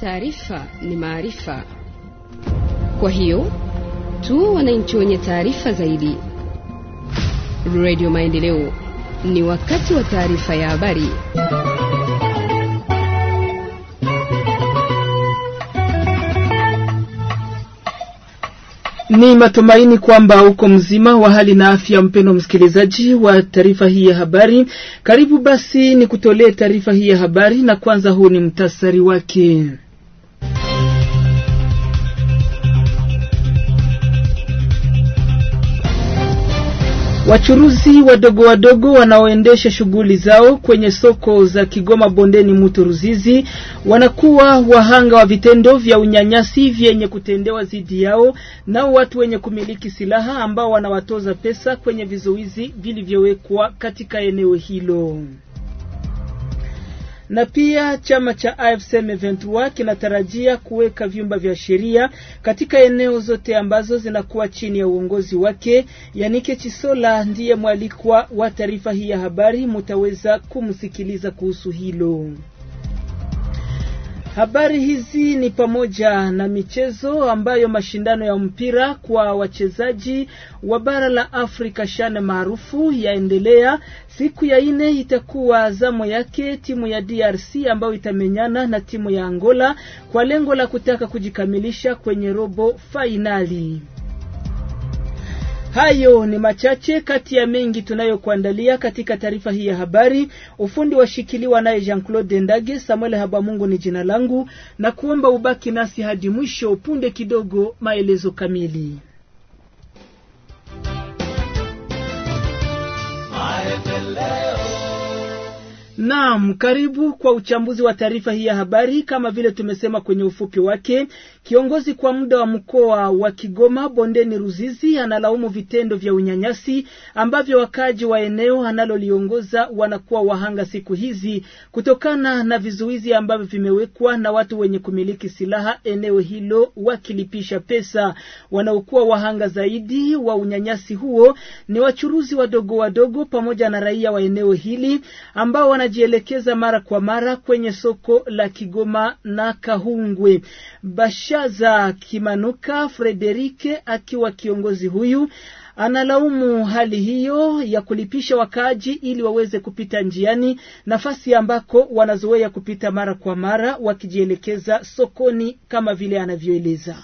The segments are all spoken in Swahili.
Taarifa ni maarifa, kwa hiyo tu wananchi wenye taarifa zaidi. Radio Maendeleo, ni wakati wa taarifa ya habari. Ni matumaini kwamba uko mzima wa hali na afya, mpendo msikilizaji wa taarifa hii ya habari. Karibu basi ni kutolea taarifa hii ya habari, na kwanza huu ni mtasari wake. Wachuruzi wadogo wadogo wanaoendesha shughuli zao kwenye soko za Kigoma bondeni mto Ruzizi wanakuwa wahanga wa vitendo vya unyanyasi vyenye kutendewa dhidi yao nao watu wenye kumiliki silaha ambao wanawatoza pesa kwenye vizuizi vilivyowekwa katika eneo hilo na pia chama cha AFC M23 kinatarajia kuweka vyumba vya sheria katika eneo zote ambazo zinakuwa chini ya uongozi wake. Yanike Chisola ndiye mwalikwa wa taarifa hii ya habari, mutaweza kumsikiliza kuhusu hilo. Habari hizi ni pamoja na michezo ambayo mashindano ya mpira kwa wachezaji wa bara la Afrika shana maarufu yaendelea. Siku ya ine itakuwa zamu yake timu ya DRC ambayo itamenyana na timu ya Angola kwa lengo la kutaka kujikamilisha kwenye robo fainali. Hayo ni machache kati ya mengi tunayokuandalia katika taarifa hii ya habari. Ufundi washikiliwa naye Jean-Claude Ndage, Samuel Habamungu ni jina langu, na kuomba ubaki nasi hadi mwisho. Punde kidogo, maelezo kamili. Naam, karibu kwa uchambuzi wa taarifa hii ya habari. Kama vile tumesema kwenye ufupi wake, Kiongozi kwa muda wa mkoa wa Kigoma bondeni Ruzizi analaumu vitendo vya unyanyasi ambavyo wakaji wa eneo analoliongoza wanakuwa wahanga siku hizi kutokana na vizuizi ambavyo vimewekwa na watu wenye kumiliki silaha eneo hilo, wakilipisha pesa. Wanaokuwa wahanga zaidi wa unyanyasi huo ni wachuruzi wadogo wadogo pamoja na raia wa eneo hili ambao wanajielekeza mara kwa mara kwenye soko la Kigoma na Kahungwe Basha sheria za kimanuka, Frederike akiwa kiongozi huyu analaumu hali hiyo ya kulipisha wakaaji ili waweze kupita njiani, nafasi ambako wanazoea kupita mara kwa mara wakijielekeza sokoni, kama vile anavyoeleza.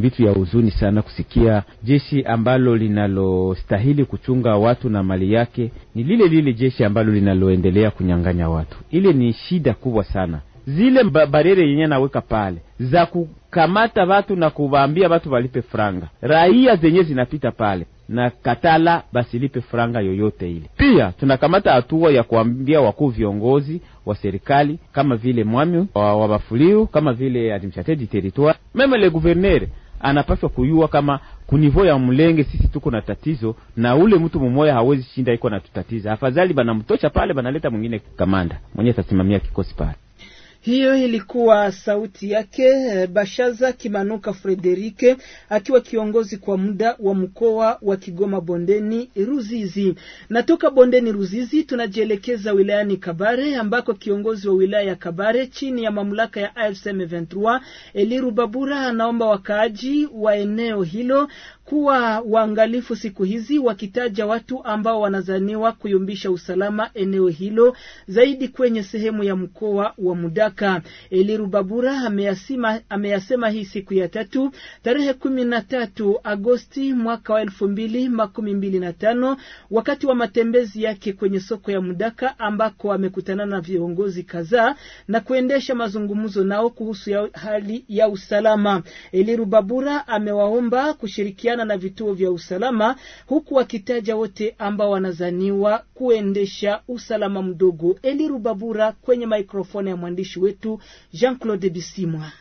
Vitu ya huzuni sana kusikia jeshi ambalo linalostahili kuchunga watu na mali yake ni lile lile jeshi ambalo linaloendelea kunyang'anya watu. Ile ni shida kubwa sana zile barere yenye naweka pale za kukamata watu na kuwaambia watu walipe franga, raia zenye zinapita pale na katala basilipe franga yoyote ile. Pia tunakamata hatua ya kuambia wakuu viongozi wa serikali kama vile mwami wa, wa Bafuliu kama vile administrateur du territoire meme le gouverneur anapaswa kuyua kama kunivo ya mlenge sisi tuko na tatizo, na ule mtu mmoja hawezi shinda iko natutatiza. Afadhali banamtosha pale, banaleta mwingine kamanda mwenye tasimamia kikosi pale. Hiyo ilikuwa sauti yake eh, Bashaza Kimanuka Frederike akiwa kiongozi kwa muda wa mkoa wa Kigoma bondeni Ruzizi. na toka bondeni Ruzizi tunajielekeza wilayani Kabare ambako kiongozi wa wilaya ya Kabare chini ya mamlaka ya AFC M23 Eli Rubabura anaomba wakaaji wa eneo hilo kuwa waangalifu siku hizi, wakitaja watu ambao wanazaniwa kuyumbisha usalama eneo hilo zaidi kwenye sehemu ya mkoa wa Mudaka. Elirubabura ameyasema, ameyasema hii siku ya tatu tarehe kumi na tatu Agosti mwaka wa elfu mbili makumi mbili na tano wakati wa matembezi yake kwenye soko ya Mudaka ambako amekutana na viongozi kadhaa na kuendesha mazungumzo nao kuhusu ya hali ya usalama. rubabura amewaomba kushirikia kushirikiana na vituo vya usalama, huku wakitaja wote ambao wanazaniwa kuendesha usalama mdogo. Eli Rubabura kwenye mikrofoni ya mwandishi wetu Jean Claude Bisimwa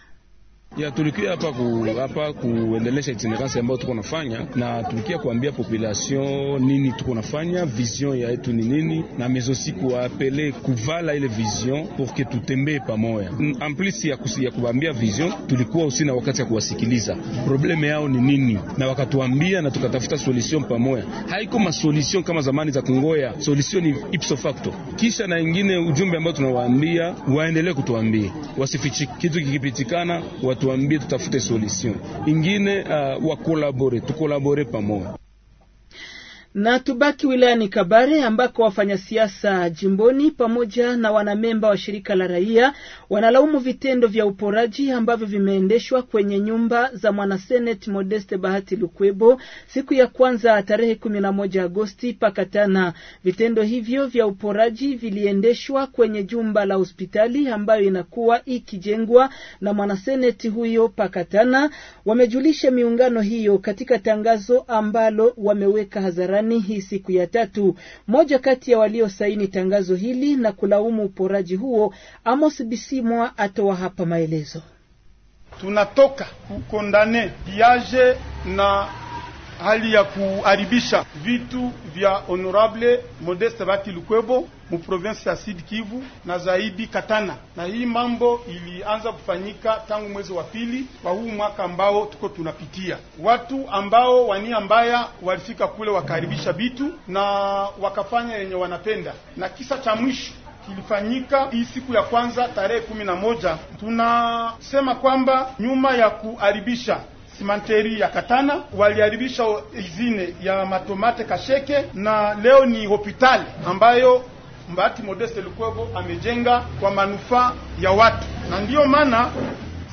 ya tulikuwa hapa ku, hapa kuendelesha itinerance ambayo tuko nafanya na tulikuwa kuambia population nini tuko nafanya, vision ya yetu ni nini, na mezosi kuapele kuvala ile vision pour que tutembee pamoja. Mm, en plus ya, kusia kuambia vision, tulikuwa usi na wakati ya kuwasikiliza probleme yao ni nini, na wakatuambia na tukatafuta solution pamoja. Haiko ma solution kama zamani za kungoya solution ni ipso facto. Kisha na ingine ujumbe ambao tunawaambia waendelee kutuambia, wasifichi kitu kikipitikana wa tu ta foute solution ingine, uh, tu collaborer pas moi. Na tubaki wilayani Kabare ambako wafanya siasa jimboni pamoja na wanamemba wa shirika la raia wanalaumu vitendo vya uporaji ambavyo vimeendeshwa kwenye nyumba za mwanaseneti Modeste Bahati Lukwebo siku ya kwanza tarehe 11 Agosti pakatana. Vitendo hivyo vya uporaji viliendeshwa kwenye jumba la hospitali ambayo inakuwa ikijengwa na mwanaseneti huyo pakatana, wamejulisha miungano hiyo katika tangazo ambalo wameweka hadharani Marekani hii siku ya tatu. Moja kati ya waliosaini tangazo hili na kulaumu uporaji huo, Amos Bisimwa atoa hapa maelezo. Tunatoka kukondane piaje na hali ya kuharibisha vitu vya honorable Modeste Bati Lukwebo mu province ya Sud Kivu na zaidi Katana, na hii mambo ilianza kufanyika tangu mwezi wa pili wa huu mwaka ambao tuko tunapitia. Watu ambao wania mbaya walifika kule wakaharibisha vitu na wakafanya yenye wanapenda, na kisa cha mwisho kilifanyika hii siku ya kwanza tarehe kumi na moja. Tunasema kwamba nyuma ya kuharibisha simanteri ya Katana, waliharibisha izine ya matomate Kasheke, na leo ni hospitali ambayo Mbati Modeste Lukwebo amejenga kwa manufaa ya watu, na ndiyo maana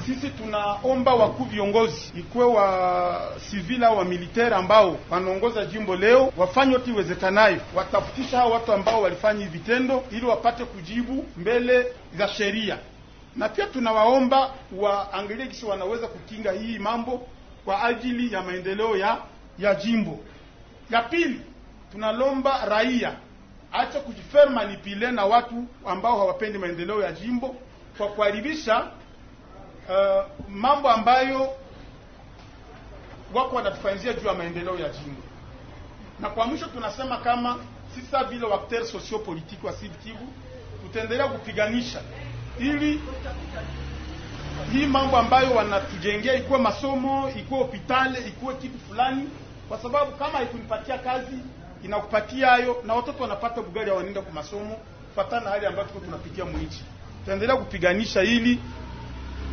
sisi tunaomba wakuu viongozi ikuwe wa sivili au wa militeri ambao wanaongoza jimbo leo wafanye yote iwezekanayo, watafutisha hao watu ambao walifanya hivi vitendo ili wapate kujibu mbele za sheria, na pia tunawaomba waangalie jinsi wanaweza kukinga hii mambo kwa ajili ya maendeleo ya ya jimbo. Ya pili, tunalomba raia acha kujifaire manipule na watu ambao hawapendi maendeleo ya jimbo kwa kuharibisha uh, mambo ambayo wako wanatufanyizia juu ya maendeleo ya jimbo. Na kwa mwisho tunasema kama sisa vile wakter socio wa Sud Kivu tutaendelea kupiganisha ili hii mambo ambayo wanatujengea ikuwe masomo, ikuwe hopitali, ikuwe kitu fulani, kwa sababu kama haikunipatia kazi inakupatia hayo, na watoto wanapata bugali, wanaenda kwa masomo kufuatana na hali ambayo tuko tunapitia mwichi. Tutaendelea kupiganisha ili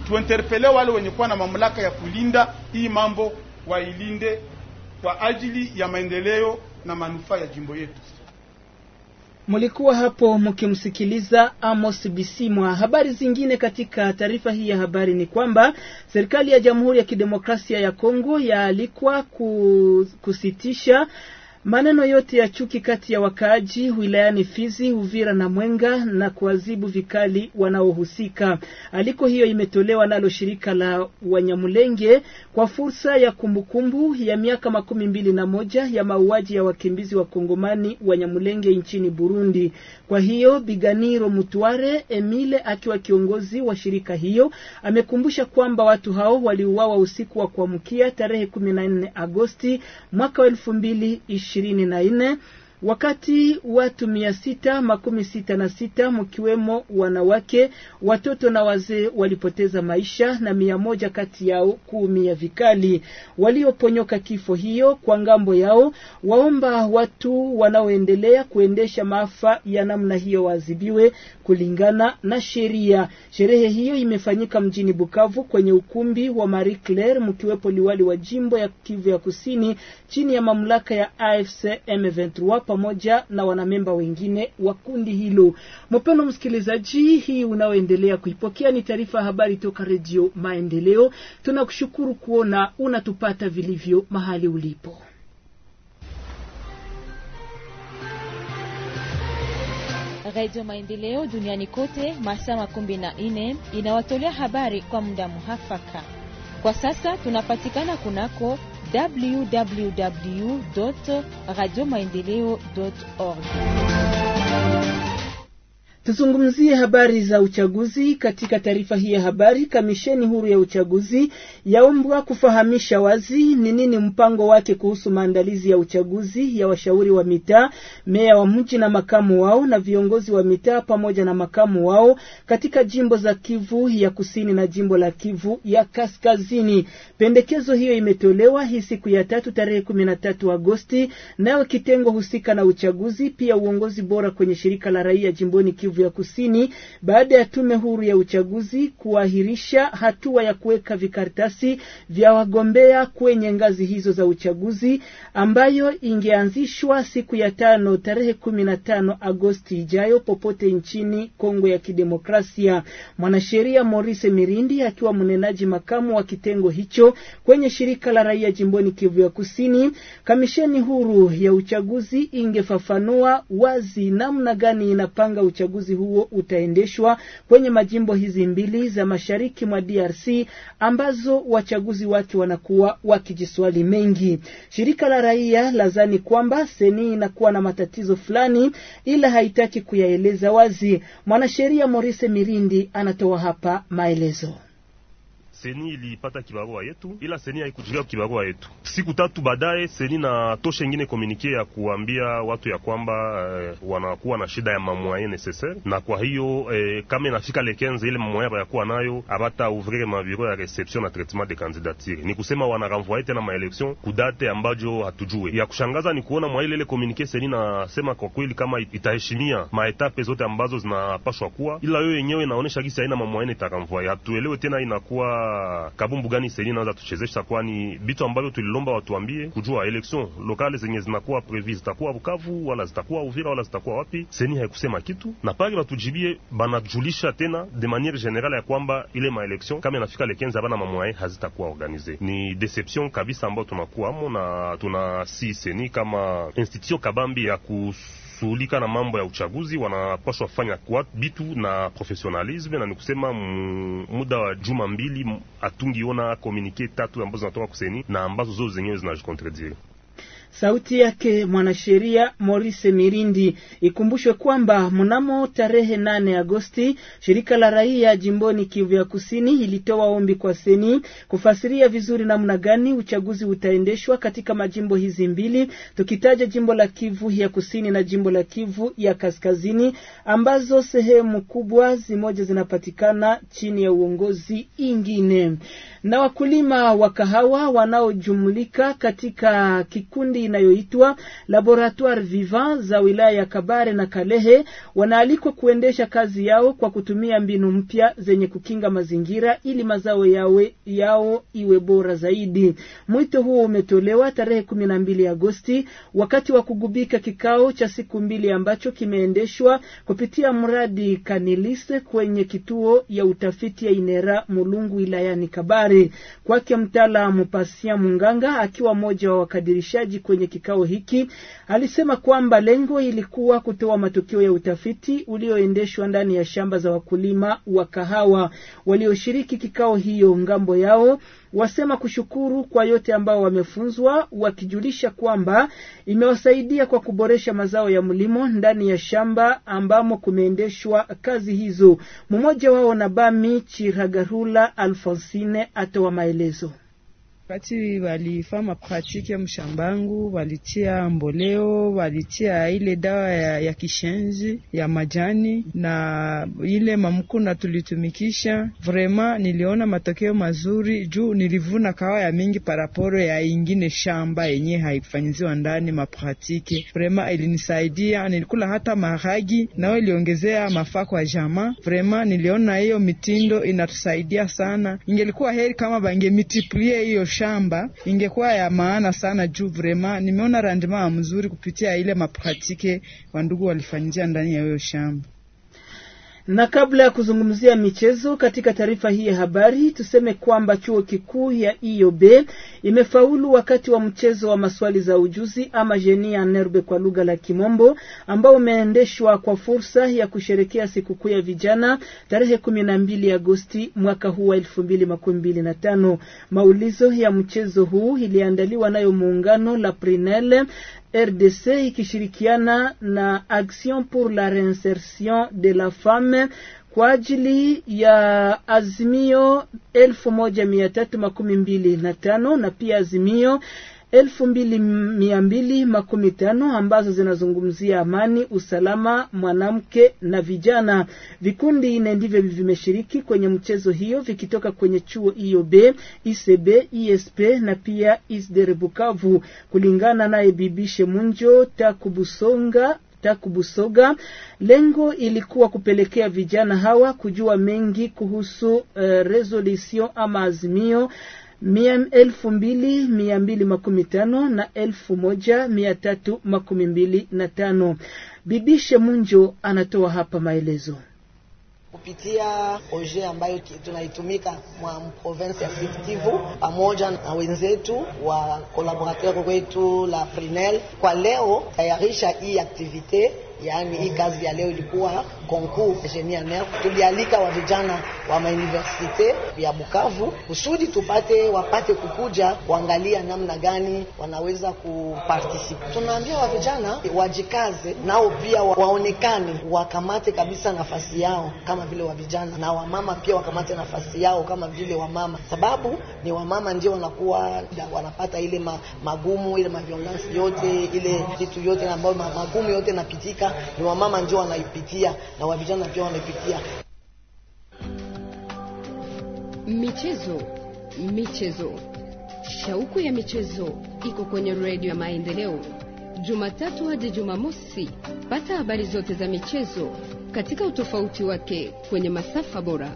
tuenterpele wale wenye kuwa na mamlaka ya kulinda hii mambo, wailinde kwa ajili ya maendeleo na manufaa ya jimbo yetu. Mulikuwa hapo mkimsikiliza Amos Bisimwa. Habari zingine katika taarifa hii ya habari ni kwamba serikali ya Jamhuri ya Kidemokrasia ya Kongo yaalikwa kusitisha Maneno yote ya chuki kati ya wakaaji wilayani Fizi, Uvira na Mwenga na kuadhibu vikali wanaohusika. Aliko hiyo imetolewa nalo shirika la Wanyamulenge kwa fursa ya kumbukumbu ya miaka makumi mbili na moja ya mauaji ya wakimbizi wa Kongomani Wanyamulenge nchini Burundi. Kwa hiyo Biganiro Mutware Emile akiwa kiongozi wa shirika hiyo amekumbusha kwamba watu hao waliuawa usiku wa kuamkia tarehe 14 Agosti mwaka wa elfu mbili ishirini na nne wakati watu mia sita makumi sita na sita mkiwemo wanawake, watoto na wazee walipoteza maisha na mia moja kati yao kuumia vikali. Walioponyoka kifo hiyo kwa ngambo yao waomba watu wanaoendelea kuendesha maafa ya namna hiyo waadhibiwe kulingana na sheria. Sherehe hiyo imefanyika mjini Bukavu kwenye ukumbi wa Marie Claire, mkiwepo liwali wa jimbo ya Kivu ya Kusini chini ya mamlaka ya AFC M23 pamoja na wanamemba wengine wa kundi hilo. Mpendo msikilizaji, hii unaoendelea kuipokea ni taarifa ya habari toka Redio Maendeleo. Tunakushukuru kuona unatupata vilivyo mahali ulipo. Redio Maendeleo duniani kote masaa makumi na nne inawatolea habari kwa muda muhafaka. Kwa sasa tunapatikana kunako www radio maendeleo org. Tuzungumzie habari za uchaguzi. Katika taarifa hii ya habari, kamisheni huru ya uchaguzi yaombwa kufahamisha wazi ni nini mpango wake kuhusu maandalizi ya uchaguzi ya washauri wa mitaa, meya wa mji na makamu wao na viongozi wa mitaa pamoja na makamu wao katika jimbo za Kivu ya Kusini na jimbo la Kivu ya Kaskazini. Pendekezo hiyo imetolewa hii siku ya tatu tarehe 13 Agosti, nayo kitengo husika na uchaguzi pia uongozi bora kwenye shirika la raia jimboni Kivu ya Kusini baada ya tume huru ya uchaguzi kuahirisha hatua ya kuweka vikaratasi vya wagombea kwenye ngazi hizo za uchaguzi ambayo ingeanzishwa siku ya tano tarehe kumi na tano Agosti ijayo popote nchini Kongo ya Kidemokrasia. Mwanasheria Maurice Mirindi akiwa mnenaji makamu wa kitengo hicho kwenye shirika la raia jimboni Kivu ya Kusini, kamisheni huru ya uchaguzi ingefafanua wazi namna gani inapanga uchaguzi uchaguzi huo utaendeshwa kwenye majimbo hizi mbili za mashariki mwa DRC ambazo wachaguzi wake wanakuwa wakijiswali mengi. Shirika la raia lazani kwamba seni inakuwa na matatizo fulani, ila haitaki kuyaeleza wazi. Mwanasheria Maurice Mirindi anatoa hapa maelezo. Seni ilipata kibarua yetu, ila Seni haikujilia kibarua yetu. Siku tatu baadaye, Seni na tosha ingine komunike ya kuambia watu ya kwamba eh, wanakuwa na shida ya mamwaye necessaire, na kwa hiyo eh, kama inafika lekenze ile mamwaye bayakuwa nayo abata ouvrire mabiro ya reception na traitement de candidature, ni kusema wanaranvoye tena maelektion kudate ambajo hatujue. Ya kushangaza ni kuona mwailele komunike Seni nasema kwa kweli kama itaheshimia maetape zote ambazo zinapashwa kuwa, ila yo yenyewe inaonesha gisi aina mamwaye itaranvoye, hatuelewe tena inakuwa kabumbu gani seni naanza tuchezesha, kwani bitu ambavyo tulilomba watuambie kujua election lokale zenye zinakuwa previ zitakuwa Bukavu wala zitakuwa Uvira wala zitakuwa wapi, seni haikusema kitu na pale batujibie, banajulisha tena de maniere generale ya kwamba ile maelection kama inafika lekenza bana mamwae hazitakuwa organize. Ni deception kabisa ambayo tunakuwa amo na tuna si seni kama institution kabambi ya kus kushughulika na mambo ya uchaguzi wanapaswa fanya kwa bitu na professionalism, na nikusema muda wa juma mbili atungiona communiqué tatu ambazo zinatoka kuseni na ambazo zote zenyewe zinajikontradire. Sauti yake mwanasheria Maurice Mirindi. Ikumbushwe kwamba mnamo tarehe 8 Agosti shirika la raia jimboni Kivu ya Kusini ilitoa ombi kwa seni kufasiria vizuri namna gani uchaguzi utaendeshwa katika majimbo hizi mbili, tukitaja jimbo la Kivu ya Kusini na jimbo la Kivu ya Kaskazini, ambazo sehemu kubwa zimoja zinapatikana chini ya uongozi ingine. Na wakulima wa kahawa wanaojumulika katika kikundi inayoitwa Laboratoire Vivant za wilaya ya Kabare na Kalehe wanaalikwa kuendesha kazi yao kwa kutumia mbinu mpya zenye kukinga mazingira ili mazao yawe, yao iwe bora zaidi. Mwito huo umetolewa tarehe 12 Agosti wakati wa kugubika kikao cha siku mbili ambacho kimeendeshwa kupitia mradi Kanilise kwenye kituo ya utafiti ya Inera Mulungu wilayani Kabare. Kwake mtaalamu Pasia Munganga akiwa mmoja wa wakadirishaji kwenye kwenye kikao hiki alisema kwamba lengo ilikuwa kutoa matokeo ya utafiti ulioendeshwa ndani ya shamba za wakulima wa kahawa walioshiriki kikao hiyo. Ngambo yao wasema kushukuru kwa yote ambao wamefunzwa, wakijulisha kwamba imewasaidia kwa kuboresha mazao ya mlimo ndani ya shamba ambamo kumeendeshwa kazi hizo. Mmoja wao Nabami Chiragarula Alfonsine atoa maelezo. Wakati walifaa mapratike ya mshambangu, walitia mboleo, walitia ile dawa ya, ya kishenzi ya majani na ile mamkuna tulitumikisha. Vrema niliona matokeo mazuri juu nilivuna kawa ya mingi paraporo ya ingine shamba yenye haifanyiziwa ndani mapratiki. Vrema ilinisaidia, nilikula hata maragi nao iliongezea mafaa kwa jamaa. Vrema niliona hiyo mitindo inatusaidia sana, ingelikuwa heri kama bangemultiplie hiyo kushamba ingekuwa ya maana sana, juu vrema nimeona randema mzuri kupitia ile mapratike wandugu walifanyia ndani ya hiyo shamba. Na kabla ya kuzungumzia michezo katika taarifa hii ya habari, tuseme kwamba chuo kikuu ya IOB imefaulu wakati wa mchezo wa maswali za ujuzi ama jenia nerbe kwa lugha la Kimombo, ambao umeendeshwa kwa fursa ya kusherekea sikukuu ya vijana tarehe 12 Agosti mwaka huu wa 2025. Maulizo ya mchezo huu iliandaliwa nayo muungano la Prinel RDC ikishirikiana na Action pour la Reinsertion de la Femme kwa ajili ya azimio elfu moja mia tatu makumi mbili na tano na pia azimio elfu ambazo zinazungumzia amani, usalama, mwanamke na vijana. Vikundi nne ndivyo vimeshiriki kwenye mchezo hiyo vikitoka kwenye chuo IOB, ICB, ISP na pia isder Bukavu, kulingana naye bibishe Shemunjo Takubusonga Takubusoga. Lengo ilikuwa kupelekea vijana hawa kujua mengi kuhusu uh, resolution ama azimio mia elfu mbili mia mbili makumi tano na elfu moja mia tatu makumi mbili na tano. Bibi Shemunjo anatoa hapa maelezo kupitia proje ambayo tunaitumika mwa province ya Sud Kivu pamoja na wenzetu wa collaborateur wetu la Frinel, kwa leo tayarisha hii activite Yaani hii kazi ya leo ilikuwa concours genianer. Tulialika wa vijana wa mauniversite ya Bukavu kusudi tupate wapate kukuja kuangalia namna gani wanaweza kupartisipe. Tunaambia wa vijana wajikaze, nao pia waonekane, wakamate kabisa nafasi yao kama vile wa vijana, na wamama pia wakamate nafasi yao kama vile wamama, sababu ni wamama ndio wanakuwa wanapata ile magumu ile maviolensi yote ile vitu yote ambayo magumu yote napitika Afrika ni wamama ndio wanaipitia na wa vijana pia wanaipitia. Michezo, michezo, shauku ya michezo iko kwenye redio ya Maendeleo, Jumatatu hadi Jumamosi. Pata habari zote za michezo katika utofauti wake kwenye masafa bora.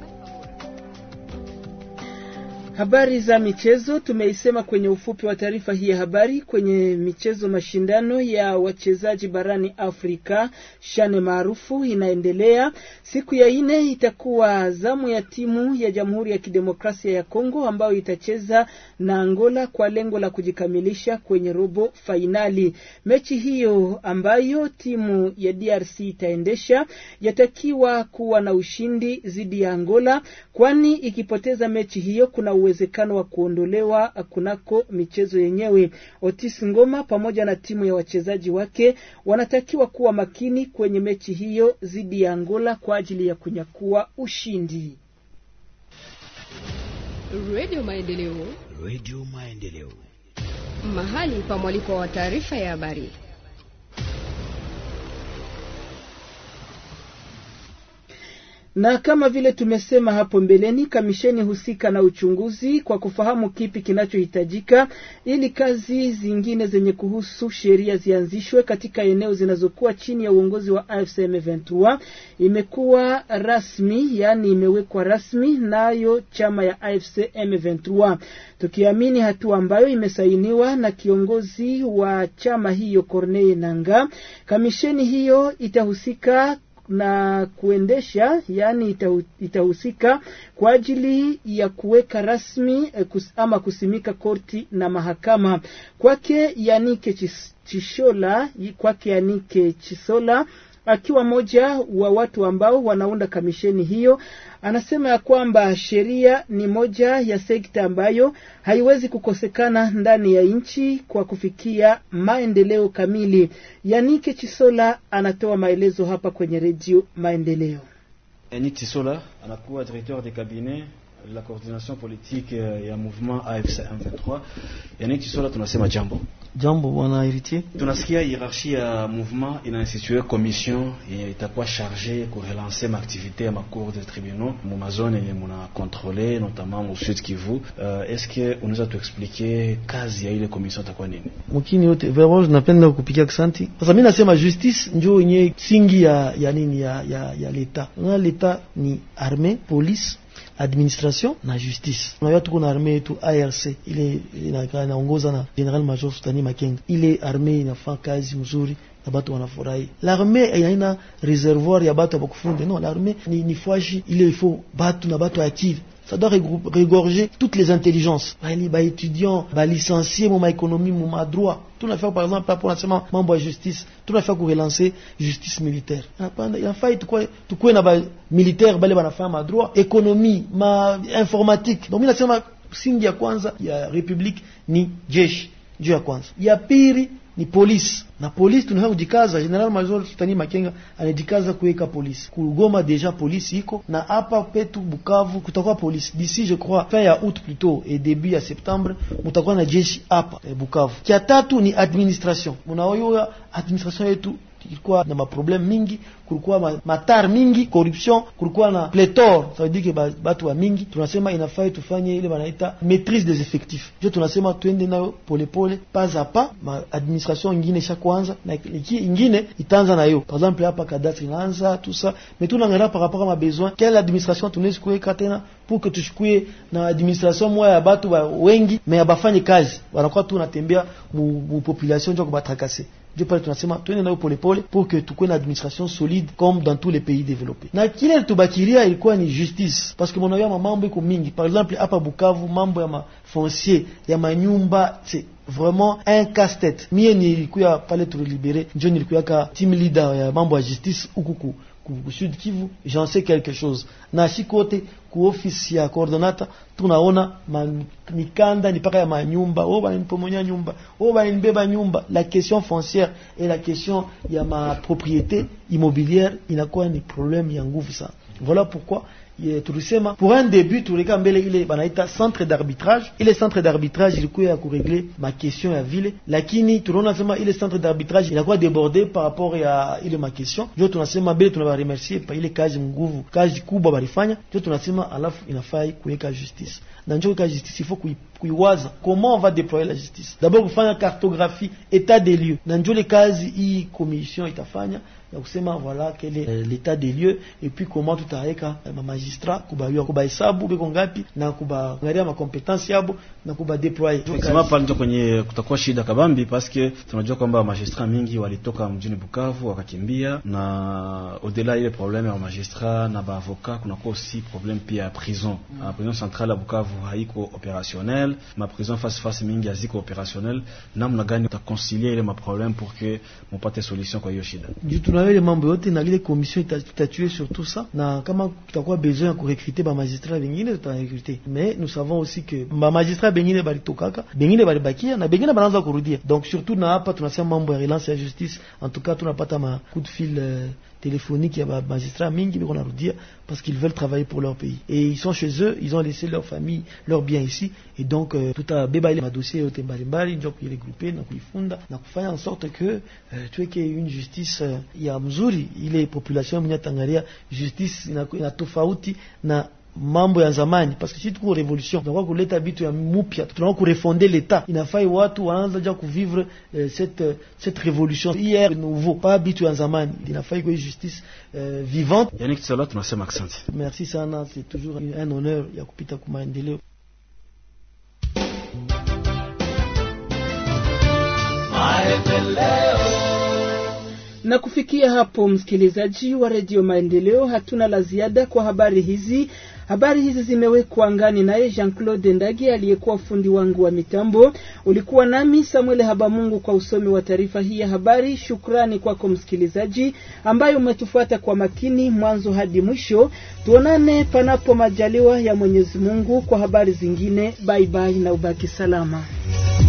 Habari za michezo tumeisema kwenye ufupi wa taarifa hii ya habari. Kwenye michezo, mashindano ya wachezaji barani Afrika shane maarufu inaendelea. Siku ya nne itakuwa zamu ya timu ya Jamhuri ya Kidemokrasia ya Kongo ambayo itacheza na Angola kwa lengo la kujikamilisha kwenye robo fainali. Mechi hiyo ambayo timu ya DRC itaendesha yatakiwa kuwa na ushindi dhidi ya Angola, kwani ikipoteza mechi hiyo kuna uwe uwezekano wa kuondolewa kunako michezo yenyewe. Otis Ngoma pamoja na timu ya wachezaji wake wanatakiwa kuwa makini kwenye mechi hiyo dhidi ya Angola kwa ajili ya kunyakua ushindi. Radio Maendeleo. Radio Maendeleo. Mahali pa mwaliko wa taarifa ya habari. Na kama vile tumesema hapo mbeleni, kamisheni husika na uchunguzi kwa kufahamu kipi kinachohitajika ili kazi zingine zenye kuhusu sheria zianzishwe katika eneo zinazokuwa chini ya uongozi wa AFC M23 imekuwa rasmi, yaani imewekwa rasmi nayo chama ya AFC M23, tukiamini hatua ambayo imesainiwa na kiongozi wa chama hiyo Corneille nanga Kamisheni hiyo itahusika na kuendesha, yaani itahusika kwa ajili ya kuweka rasmi eh, ama kusimika korti na mahakama kwake Yanike Chishola kwake Yanike Chisola akiwa moja wa watu ambao wanaunda kamisheni hiyo, anasema ya kwamba sheria ni moja ya sekta ambayo haiwezi kukosekana ndani ya nchi kwa kufikia maendeleo kamili. Yanike Chisola anatoa maelezo hapa kwenye redio Maendeleo. Yanike Chisola anakuwa directeur de cabinet la coordination politique ya euh, mouvement AFC 23 yanaichi swala tunasema jambo jambo bwana héritier tunasikia hiérarchie ya euh, mouvement il a institué commission est itakuwa chargée kurelance maaktivité ya cour de tribunaux mumazone yenye munakontrole notamment mu sud kivu uh, eske unaweza tuexpliquer kazi ya ile commission itakuwa nini mkini yote veroge napenda kupigia kisanti sasa mi nasema justice njo yenye singi ya, ya nini ya, ya, ya leta na leta ni armée police administration na justice a tuko un armé, yetu ARC ile inaongoza na General Major Makenga, ile armée a kazi mzuri na batu wanafurahi. reservoir ya no, l'armée ni, ni fwashi ile ifo batu na active ça doit régorger toutes les intelligences bah, les étudiants, bah, étudiant licenciés, bah, licencié mon ma économie mon ma droit tout l'affaire par exemple pour l'enseignement la justice tout l'affaire pour relancer justice militaire il y a failli tout quoi tout quoi na militaire bah bana faire ma droit économie ma informatique donc semaine y ya kwanza République république ni jeshi il ya kwanza ya pili ni polisi na polisi tunaweza kujikaza. General Major Sultani Makenga anajikaza kuweka polisi kugoma, deja polisi iko na hapa petu Bukavu kutakuwa polisi d'ici je crois fin ya août plutôt et début ya septembre, mutakuwa na jeshi hapa eh, Bukavu. Kia tatu ni administration, munaoyoya administration yetu kulikuwa na maprobleme mingi, kulikuwa matar mingi, corruption, kulikuwa na pletor. Ça batu wa mingi tunasema inafai tufanye ile wanaita maitrise des effectifs, ndio tunasema twende nayo polepole, pas a pas. Ma administration ingine sha kwanza na ingine itanza na hiyo, par exemple hapa kadastri inaanza tusa metunangara par rapport a mabesoin, quelle administration tunaweza kuweka tena pour que tushukue na administration moya ya batu wa wengi me abafanye kazi, wanakuwa tu natembea mu population njo kubatrakase Dieu parle tunasema tuende nayo polepole pour que tukuwe na administration solide comme dans tous les pays développés. Na kile alitubakilia ilikuwa ni justice, parce que mnaona mambo iko mingi. Par exemple hapa Bukavu, mambo ya mafoncier ya manyumba c'est vraiment un casse-tête. Mie nilikuya pale tulibere, njo nilikuyaka team leader ya mambo ya justice huku Sud Kivu, j'en sais quelque chose. Na si kote kuofisi ya koordinata tunaona mikanda ni paka ya manyumba, oh bananipomonya nyumba, oh bananibeba oh, nyumba. La question foncière et la question ya ma propriété immobilière quoi ni problème ya nguvu ça Voilà pourquoi tulisema pour un début tuleka mbele ile banaita centre d'arbitrage. Ile centre d'arbitrage ilikuwa ya kuregle makestion ya vile, lakini tunaona sema ile centre d'arbitrage inakuwa débordé par rapport ya ile makestion. Jo tunasema mbele tunabaremercier pa ile kazi nguvu, kazi kubwa barifanya. Jo tunasema alafu inafai kuweka justice na njo kuweka justice ifo kui kuiwaza comment on va déployer la justice, d'abord kufanya cartographie état des lieux, na njo le kazi hii commission itafanya ya kusema voilà quel est euh, l'état des lieux et puis comment tutaweka eh, mamagistrat kubayua kubahesabu biko ngapi na kubangalia makompetansi yabo na kubadeploye. Kusema pale ndio kwenye kutakuwa shida kabambi, paske tunajua kwamba magistrat mingi walitoka mjini Bukavu wakakimbia, na odela ile probleme ya magistrat na kuna kwa aussi probleme pia ya prison mm. Uh, prison centrale ya Bukavu haiko opérationnel, ma prison face face mingi haziko opérationnel. Namna gani utakonsilie ile problème pour que mupate solution kwa hiyo shida? les mambo yote na ile commission itatuée sur tout ça na tu as besoin recruter ya kurekrite bamagistrat bengine tutarekrite mais nous savons aussi que magistrat bamagistrat bengine balitokaka bengine balibakia hein. na bengine banaanza kurudia donc surtout na pas de mambo ya relance ya justice en tout cas pas ma coup de fil euh, téléphonique, il y a des magistrats mingi leur a parce qu'ils veulent travailler pour leur pays. Et ils sont chez eux, ils ont laissé leur famille, leur bien ici, et donc euh, tout à l'heure, ma dossier au tembalimbali, donc il est groupé, donc il fonde. donc faire en sorte que euh, tu vois, qu'il y ait une justice, euh, il y a mzuri, il est population, il y a tangaria, justice, il y a tofauti, mambo ya zamani, paske si tuko revolution, tunakuwa kuleta vitu ya mupya, tunakuwa kurefonde leta. Inafai watu waanza ja kuvivre eh, cette, euh, cette revolution hier nouveau, pa vitu ya zamani. Inafai kwa justice eh, vivante. Yani kisala tunasema asante, merci sana, c'est toujours un honneur ya kupita ku maendeleo. Na kufikia hapo, msikilizaji wa redio Maendeleo, hatuna la ziada kwa habari hizi Habari hizi zimewekwa angani naye Jean-Claude ndagi aliyekuwa fundi wangu wa mitambo. Ulikuwa nami Samuel Habamungu kwa usomi wa taarifa hii ya habari. Shukrani kwako msikilizaji ambaye umetufuata kwa makini mwanzo hadi mwisho. Tuonane panapo majaliwa ya Mwenyezi Mungu kwa habari zingine. Baibai, bye bye, na ubaki salama.